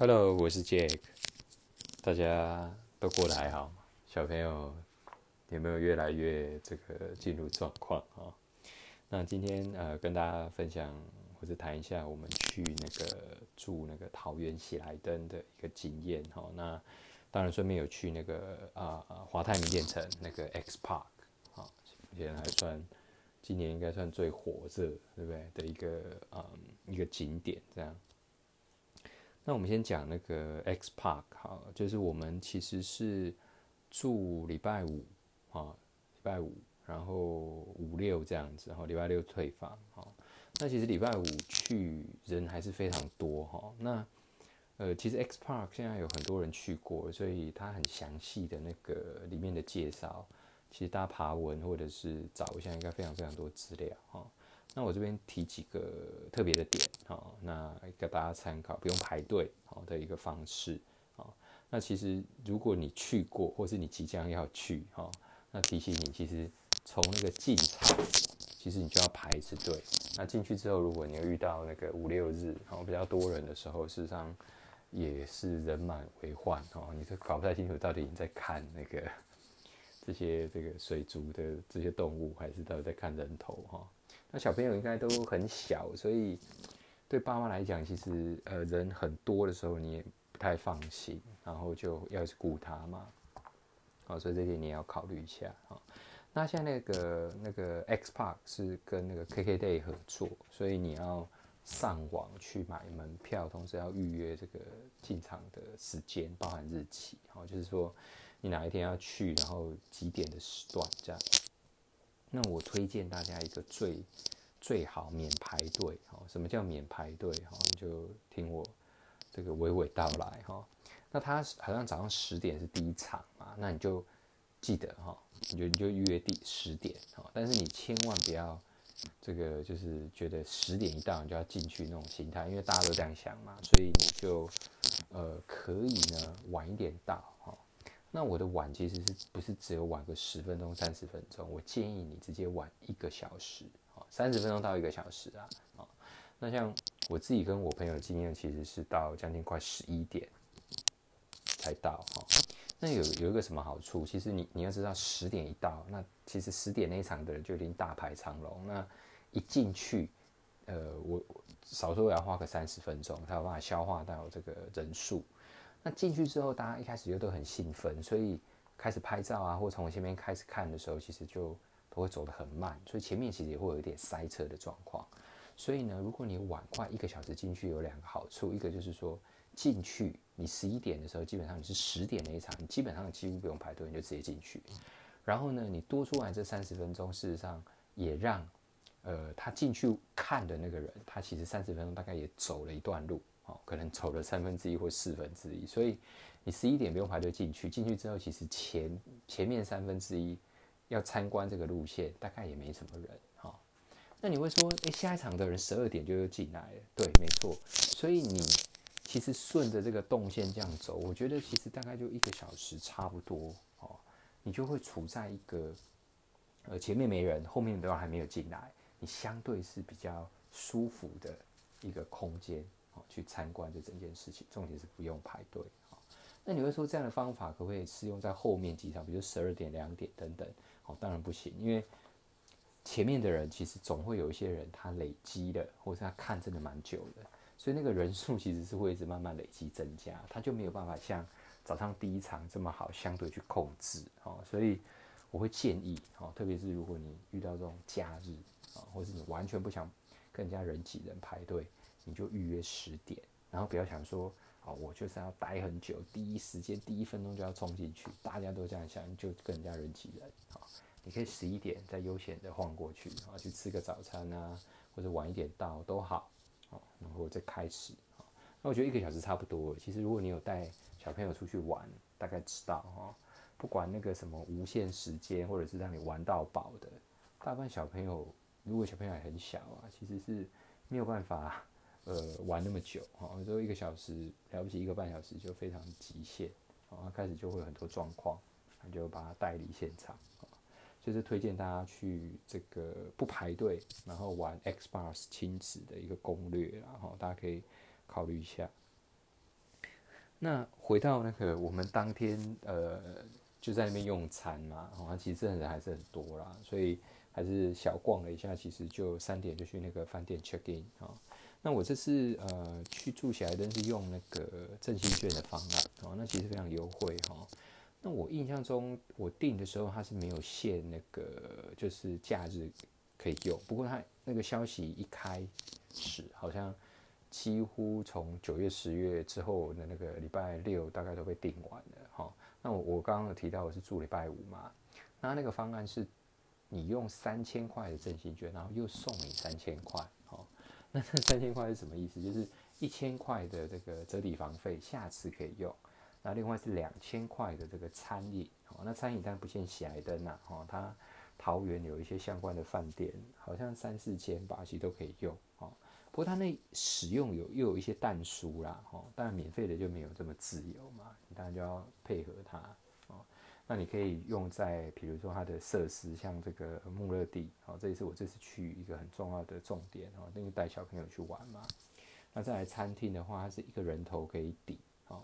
Hello，我是 Jack，大家都過得還好，小朋友有沒有越來越這個進入狀況啊？那今天呃跟大家分享或者談一下我們去那個住那個桃園喜來登的一個經驗哦。那當然順便有去那個啊華泰名店城那個 X Park 啊，哦，目前還算今年應該算最火熱對不對的一個啊，呃、一個景點這樣。那我們先講那個 X-Park，好，就是我們其實是住禮拜五啊，禮拜五，然後五六這樣子，然後禮拜六退房，喔。那其實禮拜五去人還是非常多，哈、喔。那呃，其實 X-Park 現在有很多人去過，所以它很詳細的那個裡面的介紹，其實大家爬文或者是找一下，應該非常非常多資料，哈、喔。那我這邊提幾個特別的點、哦、那給大家參考，不用排隊好、哦、的一個方式、哦、那其實如果你去過，或是你即將要去哈、哦，那提醒你，其實從那個進場，其實你就要排一次隊。那進去之後，如果你又遇到那個五六日、哦、比較多人的時候，事實上也是人滿為患、哦、你是搞不太清楚到底你在看那個這些這個水族的這些動物，還是到底在看人頭哈。哦。那小朋友應該都很小，所以對爸媽來講，其實呃人很多的時候你也不太放心，然後就要去顧他嘛。好，所以這點你也要考慮一下。那現在那個那個 X Park 是跟那個 KKday 合作，所以你要上網去買門票，同時要預約這個進場的時間，包含日期。哦，就是說你哪一天要去，然後幾點的時段這樣。那我推薦大家一個最最好免排隊哈，什麼叫免排隊哈？你就聽我這個娓娓道來哈。那他好像早上十點是第一場嘛，那你就記得哈，你就你就約第十點哈。但是你千萬不要這個就是覺得十點一到你就要進去那種心態，因為大家都這樣想嘛，所以你就呃可以呢晚一點到哈。那我的晚其實是不是只有晚個十分鐘、三十分鐘？我建議你直接晚一個小時，三十分鐘到一個小時啊，那像我自己跟我朋友的經驗，其實是到將近快十一點才到，哈。那有有一個什麼好處？其實你你要知道，十點一到，那其實十點那一場的人就已經大排長龍，那一進去，呃我，我少說我要花個三十分鐘，才有辦法消化到這個人數。那進去之後，大家一開始又都很興奮，所以開始拍照啊，或從前面開始看的時候，其實就都會走得很慢，所以前面其實也會有一點塞車的狀況。所以呢，如果你晚快一個小時進去，有兩個好處，一個就是說進去你十一點的時候，基本上你是十點那一場，你基本上幾乎不用排隊，你就直接進去。然後呢，你多出來這三十分鐘，事實上也讓呃他進去看的那個人，他其實三十分鐘大概也走了一段路。哦，可能走了三分之一或四分之一，所以你十一點不用排隊進去。進去之後，其實前前面三分之一要參觀這個路線，大概也沒什麼人。哈、哦，那你會說，哎、欸，下一場的人十二點就又進來了。對，沒錯。所以你其實順着這個動線這樣走，我覺得其實大概就一個小時差不多。哦，你就會處在一個呃前面沒人，後面都還沒有進來，你相對是比較舒服的一個空間。去參觀這整件事情，重點是不用排隊。好，那你會說這樣的方法可不可以適用在後面幾場，比如十二點、兩點等等？好，哦，當然不行，因為前面的人其實總會有一些人他累積了，或是他看真的蠻久的，所以那個人數其實是會一直慢慢累積增加，他就沒有辦法像早上第一場這麼好相對去控制哦。所以我會建議哦，特別是如果你遇到這種假日啊、哦，或是你完全不想跟人家人擠人排隊。你就預約十點，然後不要想說，哦，我就是要待很久，第一時間、第一分鐘就要衝進去，大家都這樣想，就更加人擠人。好、哦，你可以十一點再悠閒地晃過去，然後、哦、去吃個早餐啊，或者晚一點到都好，好、哦，然後再開始、哦。那我覺得一個小時差不多。其實如果你有帶小朋友出去玩，大概知道哈、哦，不管那個什麼無限時間，或者是讓你玩到飽的，大部分小朋友，如果小朋友還很小啊，其實是沒有辦法。呃，玩那麼久，好，都一個小時了不起，一個半小時就非常極限，好，開始就會有很多狀況，就把他帶離現場，就是推薦大家去這個不排隊，然後玩 X-park 親子的一個攻略，然後大家可以考慮一下。那回到那個我們當天，呃，就在那邊用餐嘛，好，其實人還是很多啦，所以還是小逛了一下，其實就三點就去那個飯店 check in 啊。那我這次呃去住喜來登是用那個振興券的方案，哦，那其實非常優惠哈、哦。那我印象中我訂的時候，它是沒有限那個就是假日可以用，不過它那個消息一開始好像幾乎從九月十月之後的那個禮拜六大概都被訂完了哈、哦。那我我剛剛有提到我是住禮拜五嘛，那那個方案是你用三千塊的振興券，然後又送你三千塊，好、哦。那這三千塊是什麼意思？就是一千塊的這個折抵房費，下次可以用。那另外是兩千塊的這個餐飲，哦，那餐飲當然不限喜來登啦。哈，它桃園有一些相關的飯店，好像三四間吧，其實都可以用，哦。不過它那使用有又有一些但書啦，哈，但免費的就沒有這麼自由嘛，你當然就要配合它。那你可以用在，比如說它的設施，像這個木樂地，哦、喔，這也是我這次去一個很重要的重點，哦、喔，因為帶小朋友去玩嘛。那再來餐廳的話，它是一個人頭可以抵，哦、喔，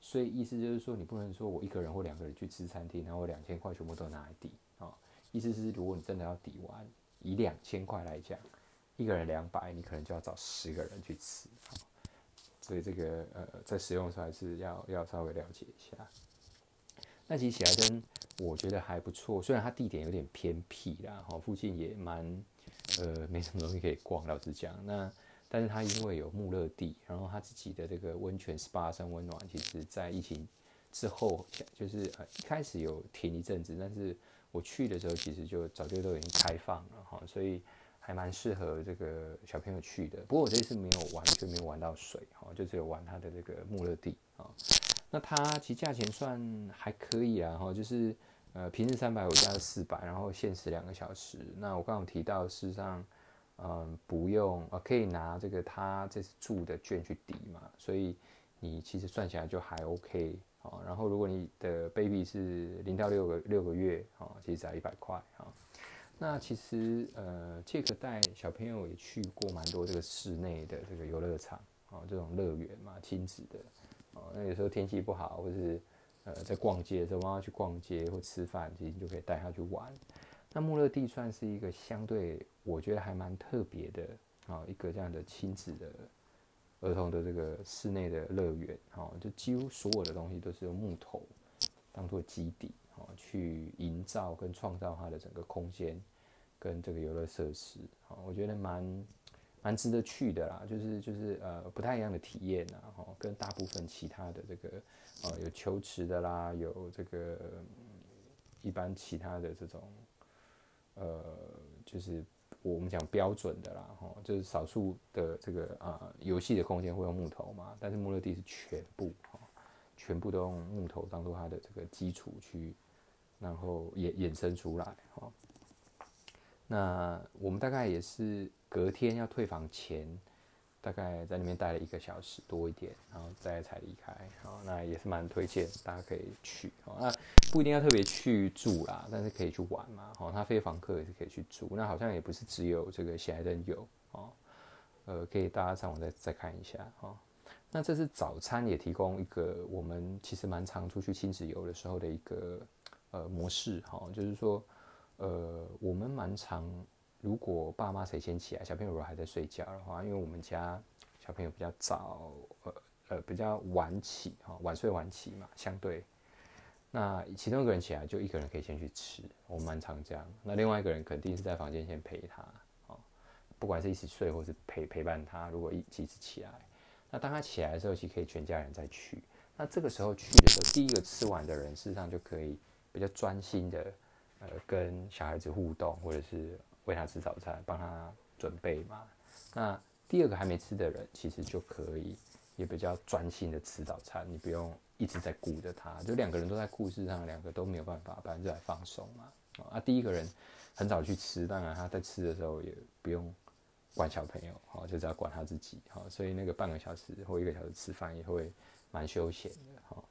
所以意思就是說，你不能說我一個人或兩個人去吃餐廳，然後我兩千塊全部都拿來抵，哦、喔，意思是如果你真的要抵完，以兩千塊來講，一個人兩百，你可能就要找十個人去吃。喔、所以這個呃，在使用的時候還是要要稍微了解一下。那其實喜來登我覺得還不錯，雖然它地點有點偏僻啦，哈，附近也蠻，呃，沒什麼東西可以逛，老實講，那，但是它因為有木樂地，然後它自己的這個溫泉 SPA 三溫暖，其實在疫情之後，就是一開始有停一陣子，但是我去的時候其實就早就都已經開放了哈，所以還蠻適合這個小朋友去的。不過我這次沒有玩，就沒有玩到水哈，就只有玩它的這個木樂地啊。那它其實價錢算還可以啦，哈，就是呃，平日三百五加四百，然後限時兩個小時。那我剛剛我提到，事實上，嗯、呃，不用啊、呃，可以拿這個他這次住的券去抵嘛，所以你其實算起來就還 OK 啊、哦。然後如果你的 baby 是零到六個六個月啊、哦，其實只要一百塊哈、哦。那其實呃，Jack 帶小朋友也去過蠻多這個室內的這個遊樂場啊、哦，這種樂園嘛，親子的。哦，那有時候天氣不好，或者是呃在逛街的時候，媽媽去逛街或吃飯，其實就可以帶他去玩。那木樂地算是一個相對我覺得還蠻特別的啊、哦，一個這樣的親子的兒童的這個室內的樂園，哦，就幾乎所有的東西都是用木頭當做基底，哦，去營造跟創造它的整個空間跟這個遊樂設施，哦，我覺得蠻蠻值得去的啦，就是就是呃不太一樣的體驗啦。吼，跟大部分其他的這個呃有球池的啦，有這個、嗯、一般其他的這種，呃，就是我們講標準的啦，吼，就是少數的這個呃遊戲的空間會用木頭嘛，但是木樂地是全部，全部都用木頭當做它的這個基礎去，然後衍衍生出來，吼。那我們大概也是隔天要退房前，大概在那邊待了一個小時多一點，然後再才離開。好、哦，那也是蠻推薦大家可以去、哦。那不一定要特別去住啦，但是可以去玩嘛。好、哦，它非房客也是可以去住。那好像也不是只有這個喜來登有哦。呃，可以大家上網再再看一下哈、哦。那這次早餐也提供一個我們其實蠻常出去親子遊的時候的一個呃模式哈、哦，就是說。呃，我們蠻常，如果爸媽誰先起來，小朋友如果還在睡覺的話，因為我們家小朋友比較早，呃呃比較晚起哈、哦，晚睡晚起嘛，相對。那其中一個人起來，就一個人可以先去吃，我、哦、們蠻常這樣。那另外一個人肯定是在房間先陪他，哦、不管是一直睡或是陪陪伴他。如果一起起起來，那當他起來的時候，其實可以全家人再去。那這個時候去的時候，第一個吃完的人，事實上就可以比較專心的。呃，跟小孩子互動，或者是餵他吃早餐，幫他準備嘛。那第二個還沒吃的人，其實就可以，也比較專心的吃早餐，你不用一直在顧着他，就兩個人都在故事上，兩個都沒有辦法，反正就來放鬆嘛。哦、啊，第一個人很早去吃，當然他在吃的時候也不用管小朋友，好、哦，就只要管他自己，好、哦，所以那個半個小時或一個小時吃飯也會蠻休閒的，好、哦，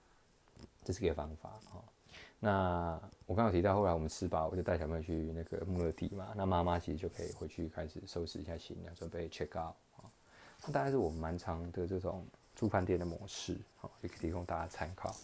這是一個方法，哦那我剛剛有提到，後來我們吃飽，我就帶小朋友去那個木樂地嘛。那媽媽其實就可以回去開始收拾一下行李，準備 check out、哦、那大概是我們蠻常的這種住飯店的模式，哦、也可以提供大家參考。